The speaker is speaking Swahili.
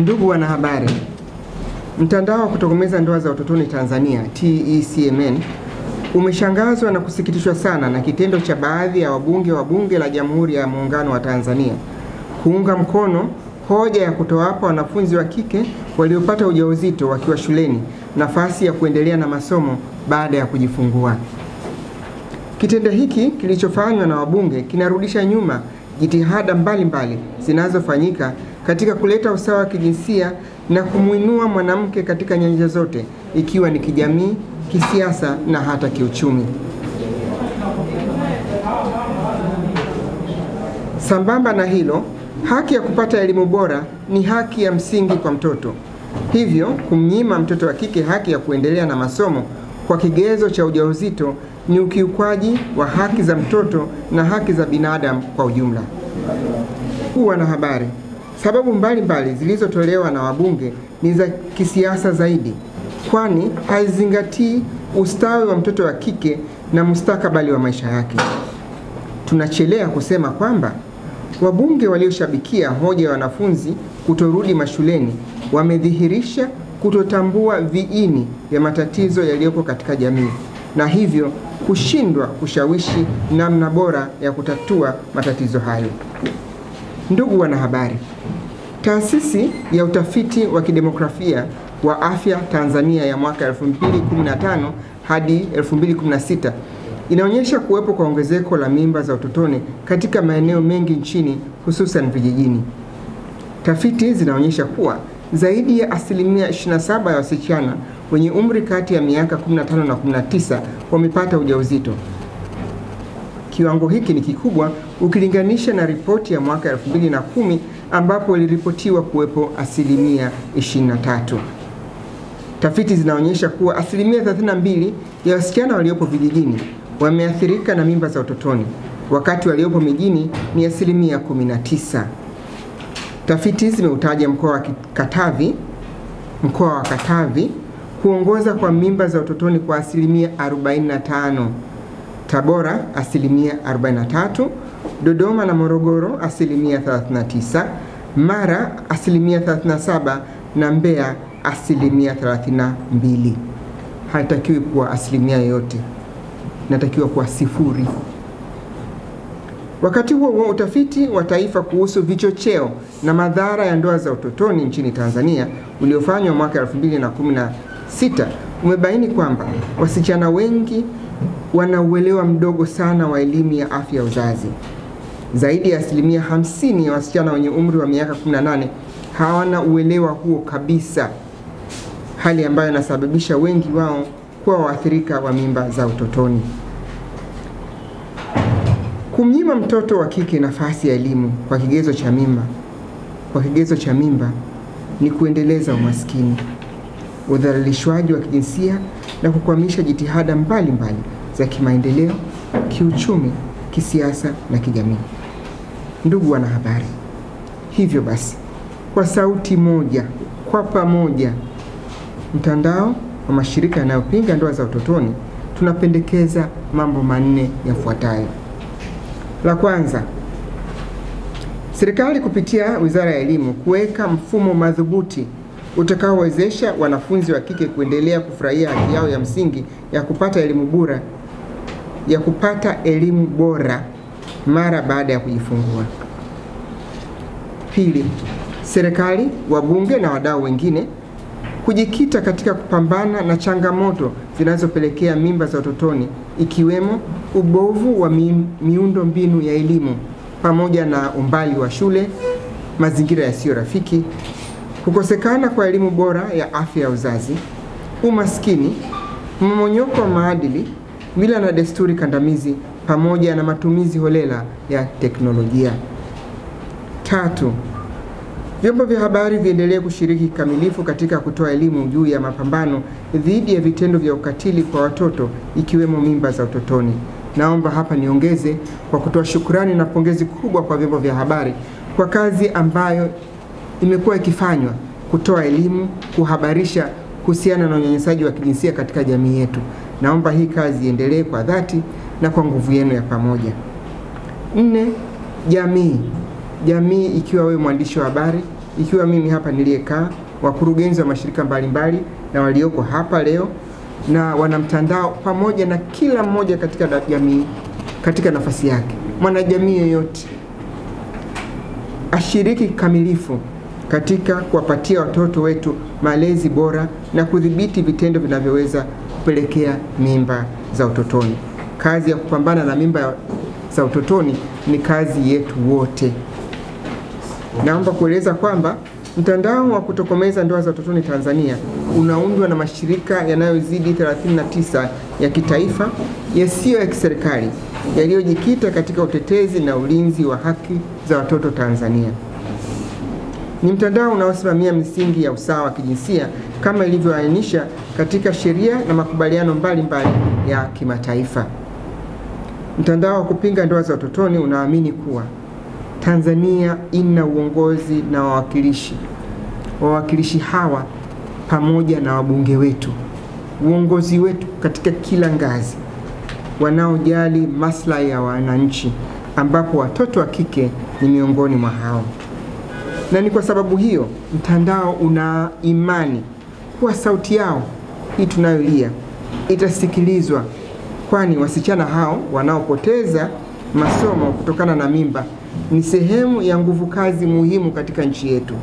Ndugu wanahabari, mtandao wa kutokomeza ndoa za utotoni Tanzania TECMN umeshangazwa na kusikitishwa sana na kitendo cha baadhi ya wabunge wa Bunge la Jamhuri ya Muungano wa Tanzania kuunga mkono hoja ya kutowapa wanafunzi wa kike waliopata ujauzito wakiwa shuleni nafasi ya kuendelea na masomo baada ya kujifungua. Kitendo hiki kilichofanywa na wabunge kinarudisha nyuma jitihada mbalimbali zinazofanyika mbali katika kuleta usawa wa kijinsia na kumwinua mwanamke katika nyanja zote ikiwa ni kijamii, kisiasa na hata kiuchumi. Sambamba na hilo, haki ya kupata elimu bora ni haki ya msingi kwa mtoto. Hivyo, kumnyima mtoto wa kike haki ya kuendelea na masomo kwa kigezo cha ujauzito ni ukiukwaji wa haki za mtoto na haki za binadamu kwa ujumla. Kuwa na habari Sababu mbalimbali zilizotolewa na wabunge ni za kisiasa zaidi, kwani haizingatii ustawi wa mtoto wa kike na mustakabali wa maisha yake. Tunachelea kusema kwamba wabunge walioshabikia hoja ya wanafunzi kutorudi mashuleni wamedhihirisha kutotambua viini vya matatizo yaliyopo katika jamii na hivyo kushindwa kushawishi namna bora ya kutatua matatizo hayo. Ndugu wanahabari, Taasisi ya utafiti wa kidemografia wa afya Tanzania ya mwaka 2015 hadi 2016 inaonyesha kuwepo kwa ongezeko la mimba za utotoni katika maeneo mengi nchini hususan vijijini. Tafiti zinaonyesha kuwa zaidi ya asilimia 27 ya wasichana wenye umri kati ya miaka 15 na 19 wamepata ujauzito. Kiwango hiki ni kikubwa ukilinganisha na ripoti ya mwaka 2010 ambapo iliripotiwa kuwepo asilimia 23. Tafiti zinaonyesha kuwa asilimia 32 ya wasichana waliopo vijijini wameathirika na mimba za utotoni, wakati waliopo mijini ni asilimia 19. Tafiti zimeutaja mkoa wa Katavi mkoa wa Katavi kuongoza kwa mimba za utotoni kwa asilimia 45, Tabora asilimia 43, Dodoma na Morogoro asilimia 39, Mara asilimia 37 na Mbeya asilimia 32. Haitakiwi kuwa asilimia yoyote, inatakiwa kuwa sifuri. Wakati huo huo, utafiti wa taifa kuhusu vichocheo na madhara ya ndoa za utotoni nchini Tanzania uliofanywa mwaka 2016 umebaini kwamba wasichana wengi wanauelewa mdogo sana wa elimu ya afya ya uzazi. Zaidi ya asilimia hamsini ya wasichana wenye umri wa miaka 18 hawana uelewa huo kabisa, hali ambayo inasababisha wengi wao kuwa waathirika wa mimba za utotoni. Kumnyima mtoto wa kike nafasi ya elimu kwa kigezo cha mimba kwa kigezo cha mimba ni kuendeleza umaskini, udhalilishwaji wa kijinsia na kukwamisha jitihada mbalimbali mbali za kimaendeleo, kiuchumi, kisiasa na kijamii. Ndugu wanahabari, hivyo basi, kwa sauti moja, kwa pamoja, mtandao wa mashirika yanayopinga ndoa za utotoni tunapendekeza mambo manne yafuatayo. La kwanza, serikali kupitia Wizara ya Elimu kuweka mfumo madhubuti utakaowezesha wanafunzi wa kike kuendelea kufurahia haki yao ya msingi ya kupata elimu bora ya kupata elimu bora mara baada ya kujifungua. Pili, serikali, wabunge na wadau wengine kujikita katika kupambana na changamoto zinazopelekea mimba za utotoni ikiwemo ubovu wa miundo mbinu ya elimu pamoja na umbali wa shule, mazingira yasiyo rafiki, kukosekana kwa elimu bora ya afya ya uzazi, umaskini, mmonyoko wa maadili, mila na desturi kandamizi pamoja na matumizi holela ya teknolojia. Tatu, vyombo vya habari viendelee kushiriki kikamilifu katika kutoa elimu juu ya mapambano dhidi ya vitendo vya ukatili kwa watoto ikiwemo mimba za utotoni. Naomba hapa niongeze kwa kutoa shukrani na pongezi kubwa kwa vyombo vya habari kwa kazi ambayo imekuwa ikifanywa kutoa elimu, kuhabarisha kuhusiana na unyanyasaji wa kijinsia katika jamii yetu. Naomba hii kazi iendelee kwa dhati na kwa nguvu yenu ya pamoja. Nne, jamii. Jamii ikiwa wewe mwandishi wa habari, ikiwa mimi hapa niliyekaa, wakurugenzi wa mashirika mbalimbali mbali, na walioko hapa leo na wanamtandao, pamoja na kila mmoja katika jamii, katika nafasi yake, mwanajamii yeyote ashiriki kikamilifu katika kuwapatia watoto wetu malezi bora na kudhibiti vitendo vinavyoweza kupelekea mimba za utotoni kazi ya kupambana na mimba za utotoni ni kazi yetu wote. Naomba kueleza kwamba mtandao wa kutokomeza ndoa za utotoni Tanzania unaundwa na mashirika yanayozidi 39 ya kitaifa yasiyo ya kiserikali yaliyojikita katika utetezi na ulinzi wa haki za watoto Tanzania. Ni mtandao unaosimamia misingi ya usawa wa kijinsia kama ilivyoainisha katika sheria na makubaliano mbalimbali mbali ya kimataifa. Mtandao wa kupinga ndoa za utotoni unaamini kuwa Tanzania ina uongozi na wawakilishi. Wawakilishi hawa pamoja na wabunge wetu, uongozi wetu katika kila ngazi, wanaojali maslahi ya wananchi, ambapo watoto wa kike ni miongoni mwa hao. Na ni kwa sababu hiyo mtandao una imani kuwa sauti yao hii tunayolia itasikilizwa kwani wasichana hao wanaopoteza masomo kutokana na mimba ni sehemu ya nguvu kazi muhimu katika nchi yetu.